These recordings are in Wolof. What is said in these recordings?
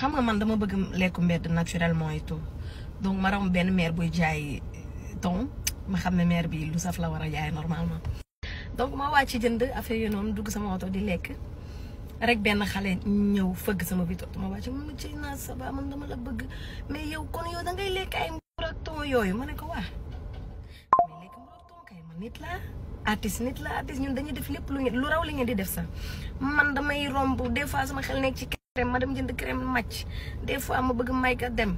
xam nga man dama bëgg lekku mbedd naturellement et tout donc ma ram benn mère buy jaay ton ma xam ne mère bi lu saf la wara jaay normalement donc ma wacc jënd affaire yu non dugg sama auto di lekk rek ben xalé ñew fëgg sama bi oto ma wacc mu ci sa ba man dama la bëgg mais yow kon yow da ngay lekk ay mbur ak ton yoy mané ko waa mais lekk mbur ak ton kay man nit la artiste nit la artiste ñun dañuy def lepp lu lu raw li ngeen di def sa man damay romb des fois sama xel nekk ci crème ma dem jënd crème màcc des ma bëgg may ka dem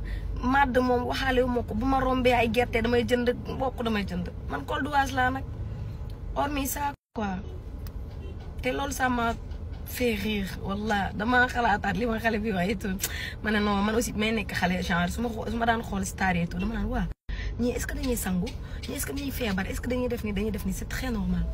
madd moom waxaale moo ko bu ma rombee ay gerte damay jënd mbokk damay jënd man col douage laa nag hormis ça quoi te loolu ça m'a fait rire walla dama xalaataat li ma xale bi wax et tout ma ne non man aussi ma nekk xale genre su ma su ma daan xool star et tout dama naan waa ñii est-ce que dañuy sangu ñii est-ce feebar est-ce que dañuy def ni dañuy def ni c'est très normal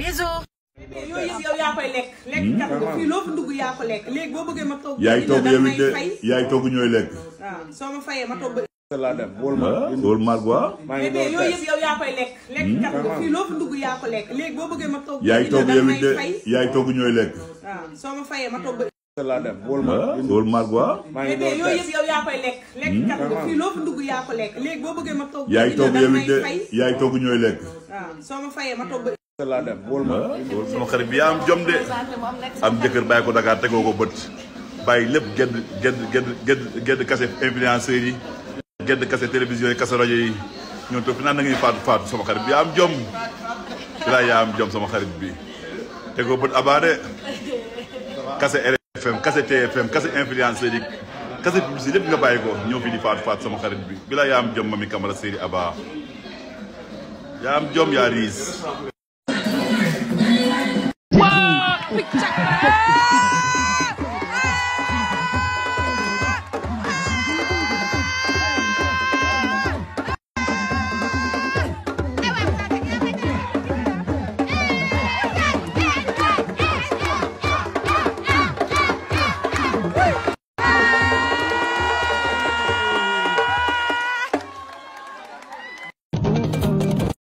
bisous mais yooyu yëpp yow yaa koy lekk. Hmm? lekk kat nga ah. fii loo fi dugg yaa ko lekk léegi boo bëggee ma toog. yaay togg yow it de yaay togg ñooy lekk. waaw ah, soo ma fayee ma toog ba. laa dem ah, Walmart quoi. maa ngi mais yooyu yëpp yow yaa koy lekk. Hmm? lekk kat nga fii loo fi dugg yaa ko lekk léegi boo bëggee ma toog. yaay togg yow it de yaay togg ñooy lekk. waaw soo ma fayee ma toog ba. laa dem Walmart quoi. maa ngi mais yooyu yëpp yow yaa koy lekk. Hmm? lekk kat nga fii loo fi dugg yaa ko lekk léegi boo bëggee ma toog. yaay togg yow it de yaay togg ñooy lekk. waaw soo ma fayee ma toog ba. te laa dem wóol ma. Ah, wóol sama xarit bi yaa am jom de am jëkkër bàyyi ko Dakar tegoo ko bët bàyyi lépp gedd gedd gedd gedd gedd kase influenceurs yi gedd kase télévision yi kase rajo yi ñoom toog fi naan da ngay faatu faatu sama xarit bi yaa am jom fi yaa am jom sama xarit bi tegoo bët abaade kase RFM kase TFM kase influenceurs yi kase nga bàyyi ko ñëw fi di faatu faatu sama xarit mami Camara Seri Aba yaa am jom yaa riis mình chẳng